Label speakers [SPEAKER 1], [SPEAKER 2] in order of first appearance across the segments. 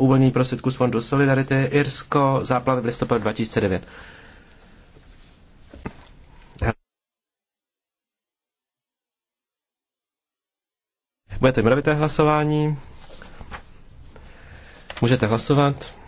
[SPEAKER 1] uvolnění prostředků z Fondu Solidarity, Irsko, záplavy v listopadu 2009. Budete mravité hlasování. Můžete hlasovat.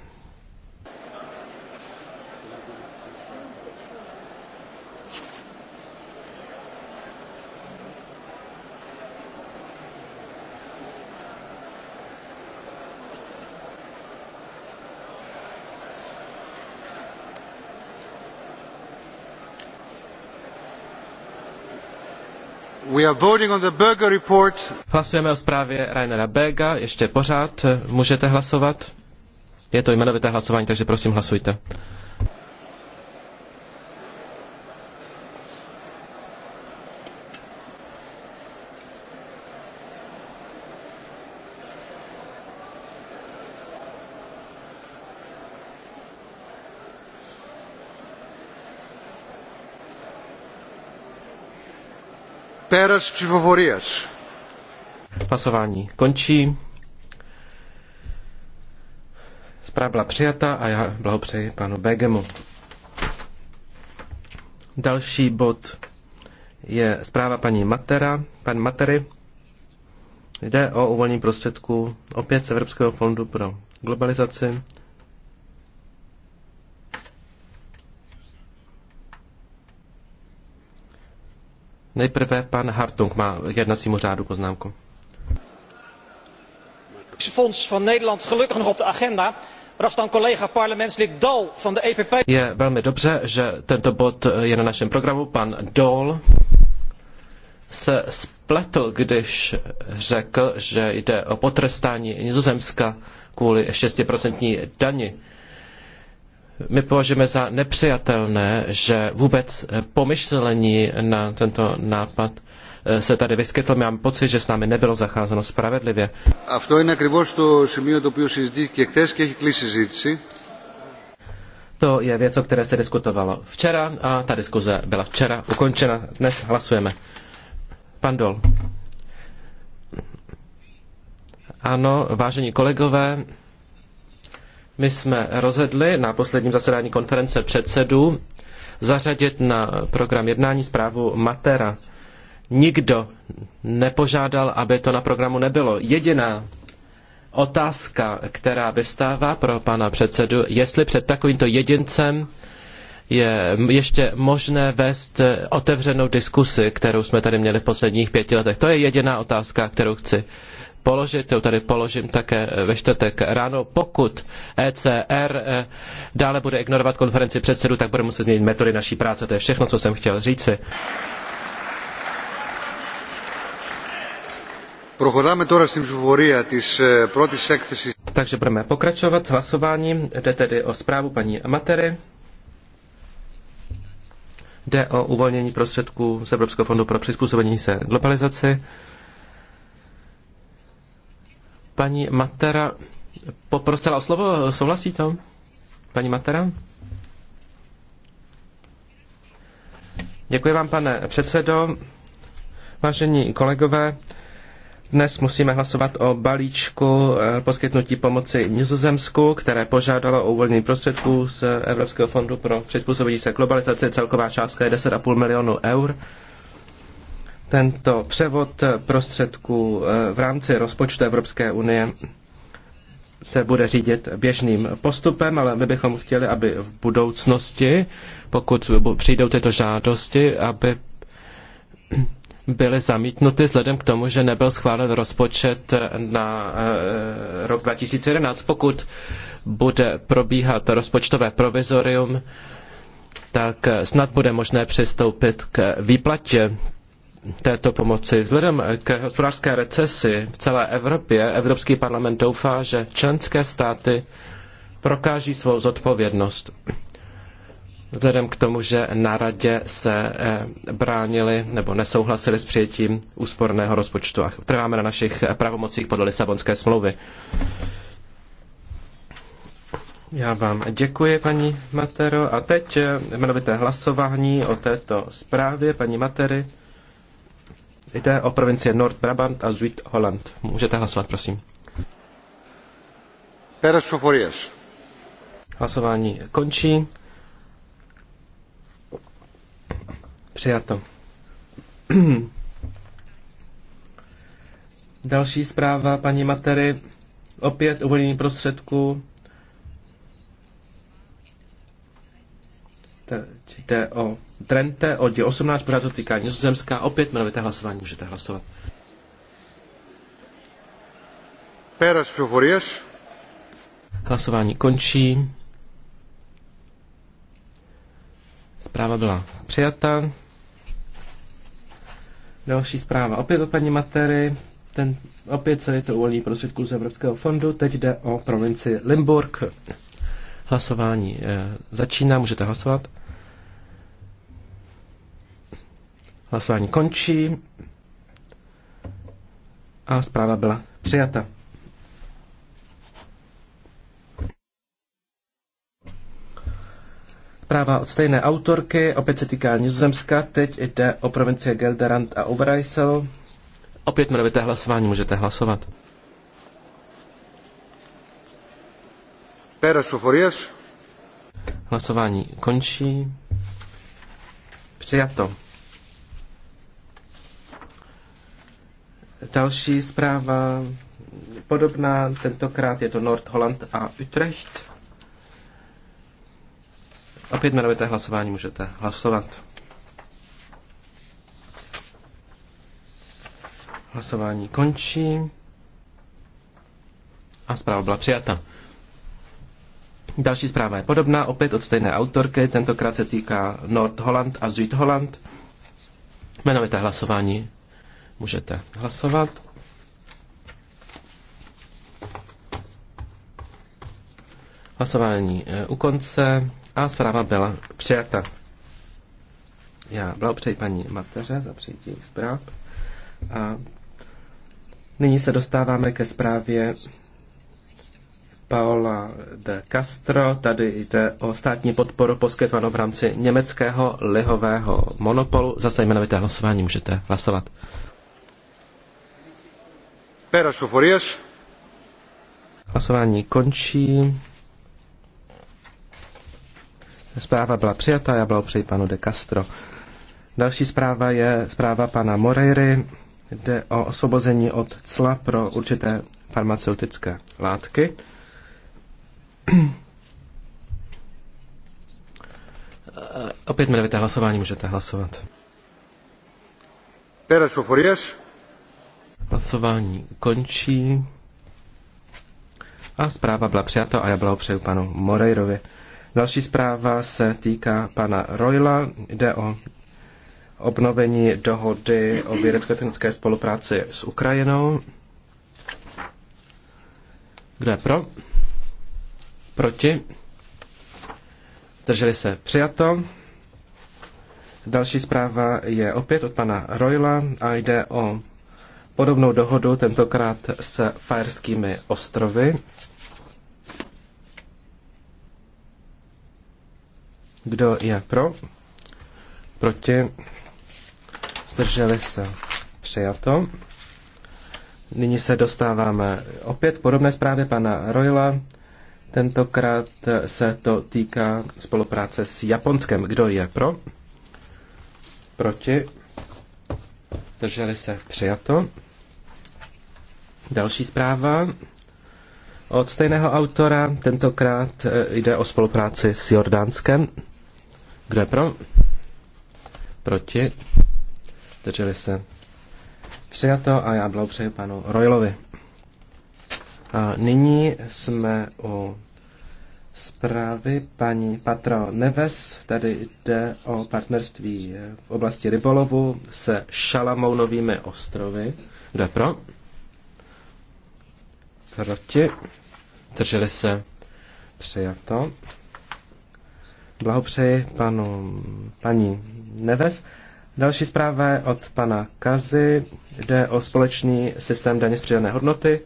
[SPEAKER 1] Hlasujeme o zprávě Rainera Bega, ještě pořád eh, můžete hlasovat. Je to jmenovité hlasování, takže prosím hlasujte. Hlasování končí. Zpráva byla přijata a já blahopřeji panu Begemu. Další bod je zpráva paní Matera, pan Matery. Jde o uvolnění prostředků opět z Evropského fondu pro globalizaci. Nejprve pan Hartung má jednacímu řádu poznámku. Je velmi dobře, že tento bod je na našem programu. Pan Dol se spletl, když řekl, že jde o potrestání Nizozemska kvůli 6% dani. My považujeme za nepřijatelné, že vůbec eh, pomyšlení na tento nápad eh, se tady vyskytl. Mám pocit, že s námi nebylo zacházeno spravedlivě.
[SPEAKER 2] Αυτό είναι ακριβώς το σημείο το οποίο συζητήθηκε χθε
[SPEAKER 1] To je věc, o které se diskutovalo včera a ta diskuze byla včera ukončena. Dnes hlasujeme. Pan Dol. Ano, vážení kolegové, my jsme rozhodli na posledním zasedání konference předsedů zařadit na program jednání zprávu Matera. Nikdo nepožádal, aby to na programu nebylo. Jediná otázka, která vystává pro pana předsedu, jestli před takovýmto jedincem je ještě možné vést otevřenou diskusi, kterou jsme tady měli v posledních pěti letech. To je jediná otázka, kterou chci položit, jo, tady položím také eh, ve čtvrtek ráno. Pokud ECR eh, dále bude ignorovat konferenci předsedů, tak bude muset změnit metody naší práce. To je všechno, co jsem chtěl říci. Takže budeme pokračovat s hlasováním. Jde tedy o zprávu paní Matery. Jde o uvolnění prostředků z Evropského fondu pro přizpůsobení se globalizaci. Paní Matera poprosila o slovo, souhlasí to? Paní Matera? Děkuji vám, pane předsedo. Vážení kolegové, dnes musíme hlasovat o balíčku eh, poskytnutí pomoci Nizozemsku, které požádalo o uvolnění prostředků z Evropského fondu pro přizpůsobení se globalizaci. Celková částka je 10,5 milionů eur tento převod prostředků eh, v rámci rozpočtu Evropské unie se bude řídit běžným postupem, ale my bychom chtěli, aby v budoucnosti, pokud přijdou tyto žádosti, aby byly zamítnuty vzhledem k tomu, že nebyl schválen rozpočet na eh, rok 2011. Pokud bude probíhat rozpočtové provizorium, tak snad bude možné přistoupit k výplatě této pomoci. Vzhledem k hospodářské recesi v celé Evropě Evropský parlament doufá, že členské státy prokáží svou zodpovědnost. Vzhledem k tomu, že na radě se eh, bránili nebo nesouhlasili s přijetím úsporného rozpočtu a trváme na našich eh, pravomocích podle Lisabonské smlouvy. Já vám děkuji, paní Matero. A teď eh, jmenovité hlasování o této zprávě paní Matery. Jde o provincie Nord Brabant a Zuid Holland. Můžete hlasovat, prosím. Peres Foforias. Hlasování končí. Přijato. Další zpráva paní Matery. Opět uvolnění prostředků čte o Trente, oddíl 18, pořád to týká Nizozemská. Opět jmenovité hlasování můžete hlasovat.
[SPEAKER 2] Péras Frufurias.
[SPEAKER 1] Hlasování končí. Zpráva byla přijata. Další zpráva opět o paní Matery. Ten, opět se je to uvolní prostředků z Evropského fondu. Teď jde o provinci Limburg. Hlasování eh, začíná, můžete hlasovat. Hlasování končí a zpráva byla přijata. Práva od stejné autorky, opět se týká Nizozemska, teď jde o provincie Gelderland a Overijssel. Opět jmenovité hlasování, můžete hlasovat.
[SPEAKER 2] Pérez Soforias.
[SPEAKER 1] Hlasování končí. Přijato. Další zpráva podobná, tentokrát je to Noord-Holland a Utrecht. Opět jmenovité hlasování můžete hlasovat. Hlasování končí. A zpráva byla přijata. Další zpráva je podobná, opět od stejné autorky, tentokrát se týká Noord-Holland a Zuid-Holland. Jmenovité hlasování Můžete hlasovat. Hlasování eh, u konce a zpráva byla přijata. Já blahopřeji paní Mateře za přijetí zpráv. A nyní se dostáváme ke zprávě Paola de Castro. Tady jde o státní podporu poskytovanou v rámci německého lihového monopolu. Zase jmenovité hlasování můžete hlasovat. Hlasování končí. Zpráva byla přijata, já blahopřeji panu de Castro. Další zpráva je zpráva pana Moreiry. Jde o osvobození od cla pro určité farmaceutické látky. Opět jmenovité hlasování můžete hlasovat.
[SPEAKER 2] Pera šoforias.
[SPEAKER 1] Hlasování končí. A zpráva byla přijata a já opřeju panu Moreirovi. Další zpráva se týká pana Royla. Jde o obnovení dohody o vědecko-technické spolupráci s Ukrajinou. Kdo je pro? Proti? Drželi se přijato. Další zpráva je opět od pana Royla a jde o podobnou dohodu, tentokrát s Fajerskými ostrovy. Kdo je pro? Proti? Zdrželi se? Přijato. Nyní se dostáváme opět podobné zprávě pana Royla. Tentokrát se to týká spolupráce s Japonskem. Kdo je pro? Proti? zdrželi se, přijato. Další zpráva od stejného autora, tentokrát e, jde o spolupráci s Jordánskem. Kdo je pro? Proti? Zdrželi se. Přijato a já blahopřeji panu Royalovi. A nyní jsme u zprávy paní Patro Neves. Tady jde o partnerství v oblasti rybolovu se Šalamounovými ostrovy. Kdo je pro? Proti? Drželi se? Přijato. Blahopřeji panu, paní Neves. Další zpráva je od pana Kazy. Jde o společný systém daně z přidané hodnoty.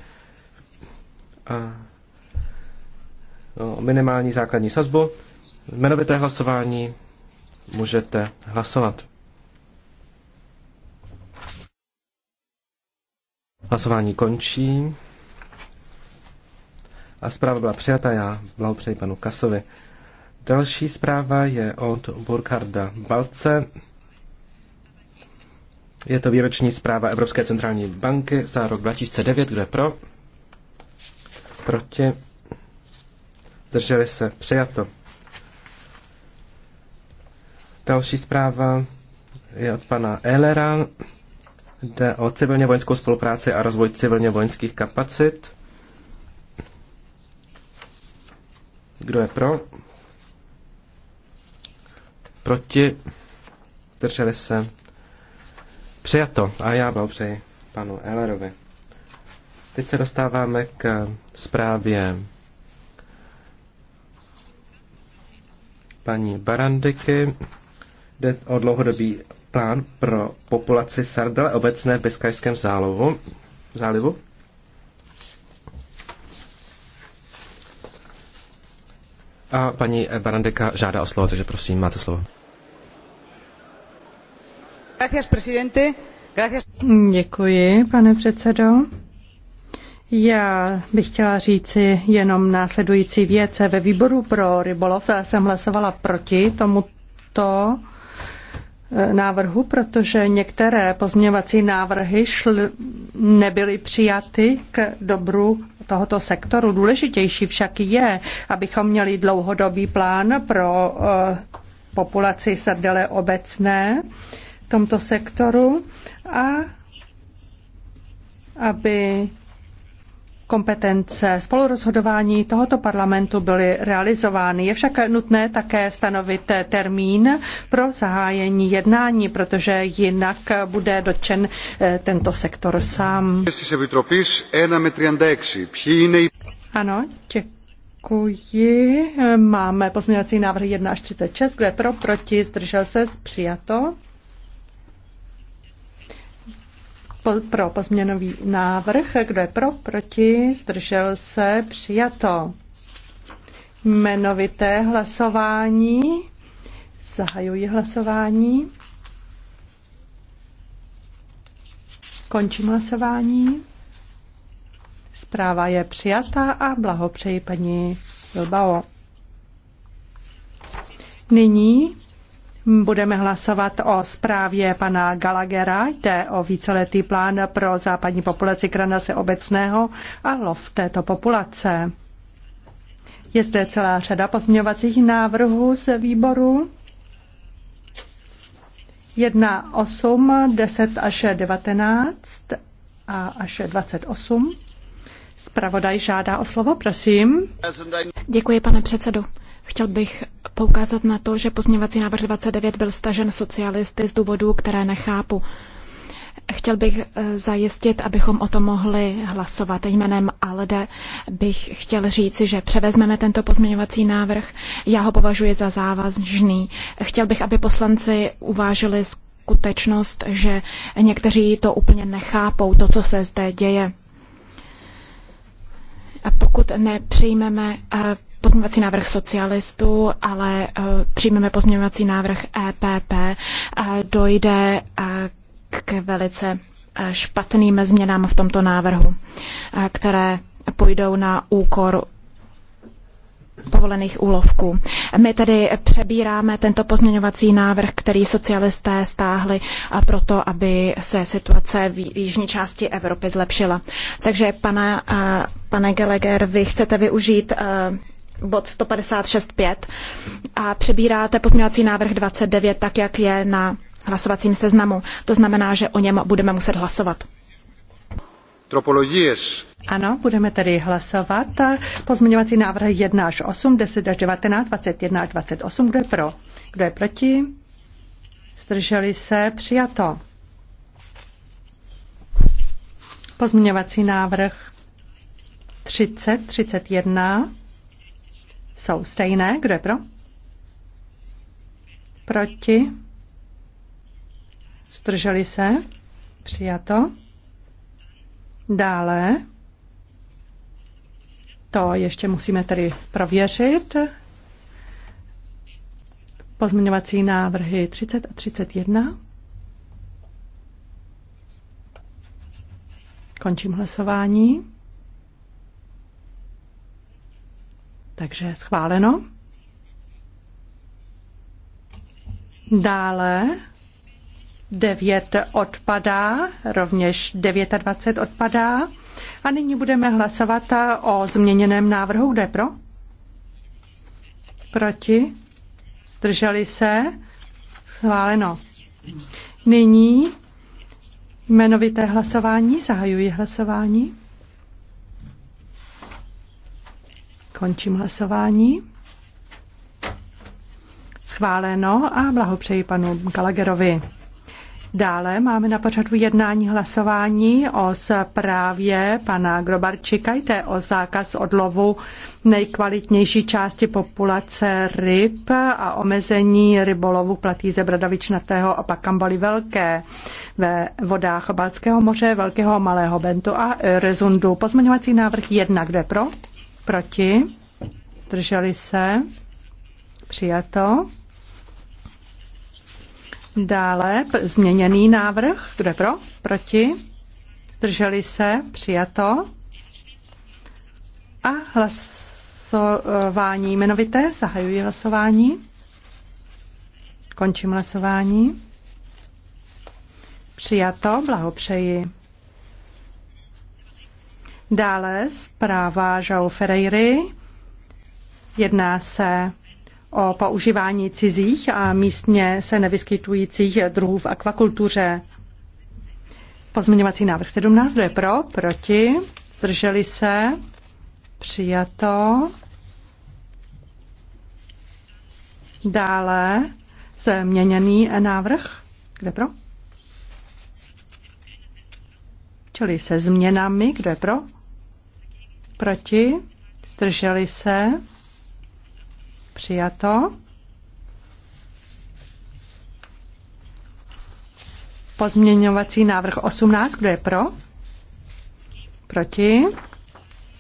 [SPEAKER 1] A minimální základní sazbu. Jmenovité hlasování můžete hlasovat. Hlasování končí. A zpráva byla přijata, já blahopřeji panu Kasovi. Další zpráva je od Burkharda Balce. Je to výroční zpráva Evropské centrální banky za rok 2009. Kdo je pro? Proti? drželi se, přijato. Další zpráva je od pana Elera. Jde o civilně vojenskou spolupráci a rozvoj civilně vojenských kapacit. Kdo je pro? Proti? Drželi se? Přijato. A já blahopřeji panu Ellerovi. Teď se dostáváme k zprávě paní Barandeky. Jde o dlouhodobý plán pro populaci sardele obecné v Biskajském zálovu, zálivu. A paní Barandeka žádá o slovo, takže prosím, máte slovo.
[SPEAKER 3] Děkuji, pane předsedo. Já bych chtěla říci jenom následující věc. Ve výboru pro rybolov jsem hlasovala proti tomuto eh, návrhu, protože některé pozměňovací návrhy šly, nebyly přijaty k dobru tohoto sektoru. Důležitější však je, abychom měli dlouhodobý plán pro uh, populaci srdele obecné v tomto sektoru a aby kompetence spolurozhodování tohoto parlamentu byly realizovány. Je však nutné také stanovit termín pro zahájení jednání, protože jinak bude dotčen eh, tento sektor sám. Ano, děkuji. Máme pozměňovací návrh 1 až 36. Kdo je pro, proti, zdržel se, přijato. pro pozměnový návrh. Kdo je pro, proti, zdržel se, přijato. Jmenovité hlasování. Zahajuji hlasování. Končím hlasování. Zpráva je přijatá a blahopřeji paní Bilbao. Nyní Budeme hlasovat o zprávě pana Gallaghera. Jde o víceletý plán pro západní populaci kranase obecného a lov této populace. Je zde celá řada pozměňovacích návrhů z výboru. 1, 8, 10 až 19 a až 28. Spravodaj žádá o slovo, prosím.
[SPEAKER 4] Děkuji, pane předsedo. Chtěl bych poukázat na to, že pozměňovací návrh 29 byl stažen socialisty z důvodů, které nechápu. Chtěl bych eh, zajistit, abychom o tom mohli hlasovat. Jménem ALDE bych chtěl říci, že převezmeme tento pozměňovací návrh. Já ho považuji za závazný. Chtěl bych, aby poslanci uvážili skutečnost, že někteří to úplně nechápou, to, co se zde děje. A pokud nepřijmeme eh, pozměňovací návrh socialistů, ale eh, přijmeme pozměňovací návrh EPP, eh, dojde eh, k velice špatným změnám v tomto návrhu, které půjdou na úkor povolených úlovků. My tedy přebíráme tento pozměňovací návrh, který socialisté stáhli a proto, aby se situace v jižní části Evropy zlepšila. Takže pana, pane Gallagher, vy chcete využít bod 156.5 a přebíráte pozměňovací návrh 29 tak, jak je na hlasovacím seznamu. To znamená, že o něm budeme muset hlasovat.
[SPEAKER 2] Tropologies.
[SPEAKER 3] Ano, budeme tedy hlasovat. Pozměňovací návrh 1 až 8, 10 až 19, 21 až 28. Kdo je pro? Kdo je proti? Zdrželi se? Přijato. Pozměňovací návrh 30, 31, jsou stejné. Kdo je pro? Proti? Zdrželi se? Přijato. Dále. To ještě musíme tedy prověřit. Pozměňovací návrhy 30 a 31. Končím hlasování. Takže schváleno. Dále 9 odpadá, rovněž 29 odpadá. A nyní budeme hlasovat o změněném návrhu. Kde pro? Proti? Drželi se? Schváleno. Nyní jmenovité hlasování. Zahajuji hlasování. Končím hlasování. Schváleno a blahopřeji panu Gallagherovi. Dále máme na pořadu jednání hlasování o zprávě pana Grobarčika, jde o zákaz odlovu nejkvalitnější části populace ryb a omezení rybolovu platí ze bradavičnatého a pak kambaly velké ve vodách Balckého moře, Velkého malého bentu a Rezundu. Pozměňovací návrh 1, kde pro? Proti? Drželi se? Přijato. Dále změněný návrh. Kdo je pro? Proti? Drželi se? Přijato. A hlasování jmenovité. Zahajuji hlasování. Končím hlasování. Přijato. Blahopřeji. Dále zpráva João Ferreiry. Jedná se o používání cizích a místně se nevyskytujících druhů v akvakultuře. Pozměňovací návrh 17, kdo je pro, proti, zdrželi se, přijato. Dále změněný návrh, kde pro? Čili se změnami, kdo je pro? Proti? Zdrželi se? Přijato. Pozměňovací návrh 18, kdo je pro? Proti?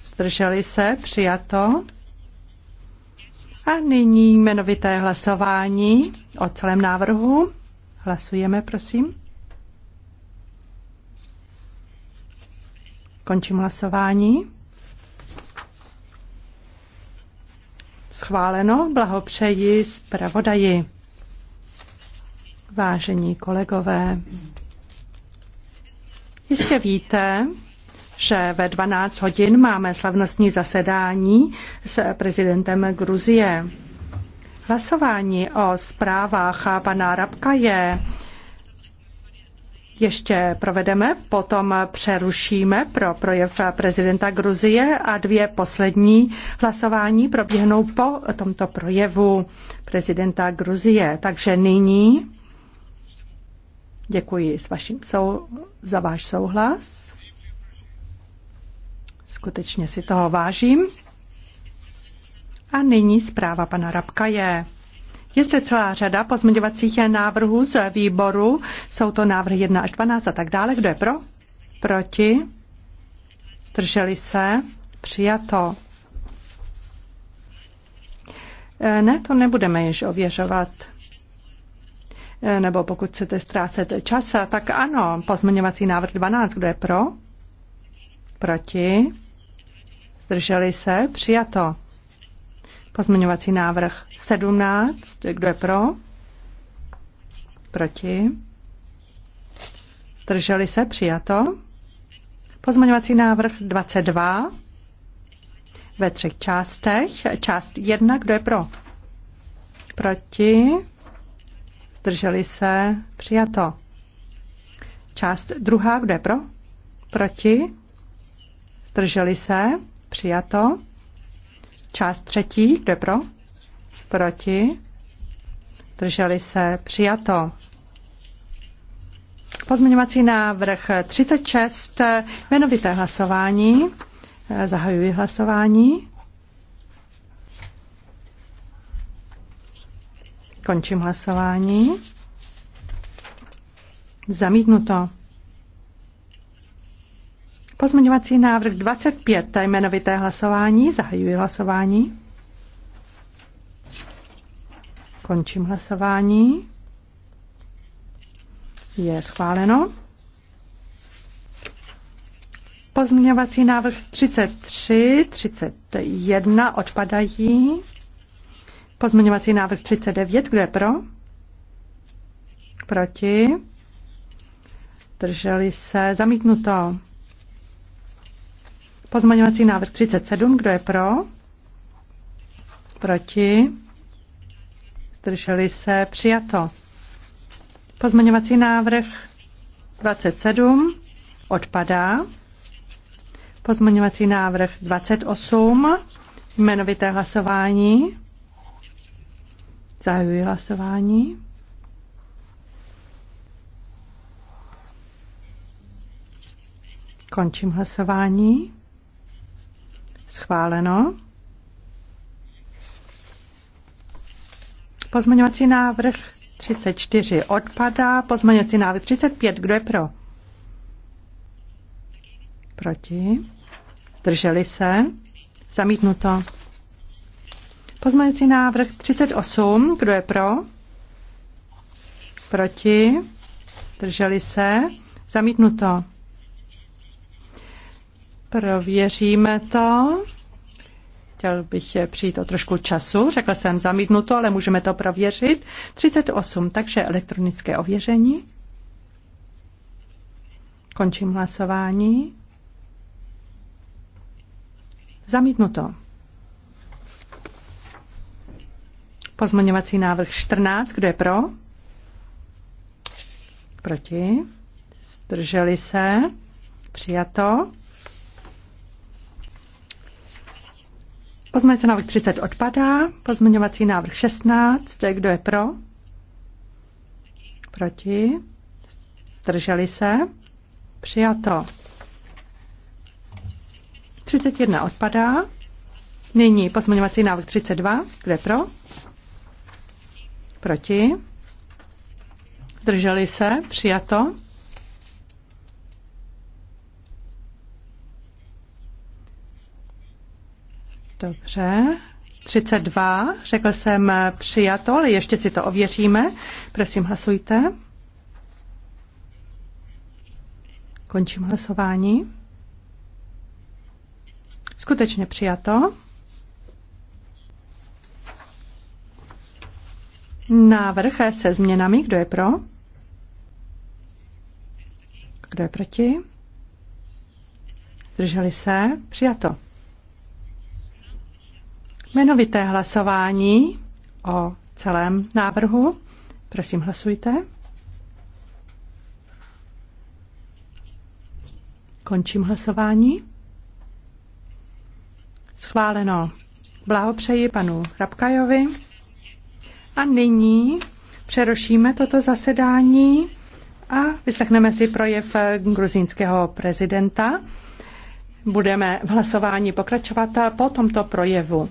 [SPEAKER 3] Zdrželi se? Přijato. A nyní jmenovité hlasování o celém návrhu. Hlasujeme, prosím. Končím hlasování. schváleno. Blahopřeji zpravodaji. Vážení kolegové, jistě víte, že ve 12 hodin máme slavnostní zasedání s prezidentem Gruzie. Hlasování o zprávách pana Rabka je ještě provedeme, potom přerušíme pro projev prezidenta Gruzie a dvě poslední hlasování proběhnou po tomto projevu prezidenta Gruzie. Takže nyní děkuji s vaším sou, za váš souhlas. Skutečně si toho vážím. A nyní zpráva pana Rabka je. Je zde celá řada pozměňovacích návrhů z výboru. Jsou to návrhy 1 až 12 a tak dále. Kdo je pro? Proti? Zdrželi se? Přijato. E, ne, to nebudeme již ověřovat. E, nebo pokud chcete ztrácet čas, tak ano, pozměňovací návrh 12, kdo je pro? Proti? Zdrželi se? Přijato. Pozměňovací návrh 17. Kdo je pro? Proti? Zdrželi se? Přijato. Pozměňovací návrh 22 ve třech částech. Část 1. Kdo je pro? Proti? Zdrželi se? Přijato. Část druhá. Kdo je pro? Proti? Zdrželi se? Přijato. Část třetí, kde pro? Proti? Drželi se přijato. Pozměňovací návrh 36, jmenovité hlasování. Zahajuji hlasování. Končím hlasování. Zamítnuto. Pozměňovací návrh 25, jmenovité hlasování, zahajuji hlasování. Končím hlasování. Je schváleno. Pozměňovací návrh 33, 31 odpadají. Pozměňovací návrh 39, kdo je pro? Proti? Drželi se. Zamítnuto. Pozmaňovací návrh 37, kdo je pro? Proti? Zdrželi se? Přijato. Pozmaňovací návrh 27 odpadá. Pozmaňovací návrh 28 jmenovité hlasování. Zahajuji hlasování. Končím hlasování. Schváleno. Pozměňovací návrh 34 odpadá. Pozměňovací návrh 35. Kdo je pro? Proti. Zdrželi se. Zamítnuto. Pozměňovací návrh 38. Kdo je pro? Proti. Zdrželi se. Zamítnuto. Prověříme to. Chtěl bych přijít o trošku času. Řekl jsem zamítnuto, ale můžeme to prověřit. 38, takže elektronické ověření. Končím hlasování. Zamítnuto. Pozměňovací návrh 14, kdo je pro? Proti? Zdrželi se? Přijato. Pozměňovací návrh 30 odpadá. Pozměňovací návrh 16. Kdo je pro? Proti? Drželi se? Přijato. 31 odpadá. Nyní pozměňovací návrh 32. Kdo je pro? Proti? Drželi se? Přijato. Dobře. 32, řekl jsem eh, přijato, ale ještě si to ověříme. Prosím, hlasujte. Končím hlasování. Skutečně přijato. Návrh se změnami. Kdo je pro? Kdo je proti? Drželi se? Přijato. Jmenovité hlasování o celém návrhu. Prosím, hlasujte. Končím hlasování. Schváleno. Blahopřeji panu Rabkajovi. A nyní přerušíme toto zasedání a vyslechneme si projev gruzínského prezidenta. Budeme v hlasování pokračovat po tomto projevu.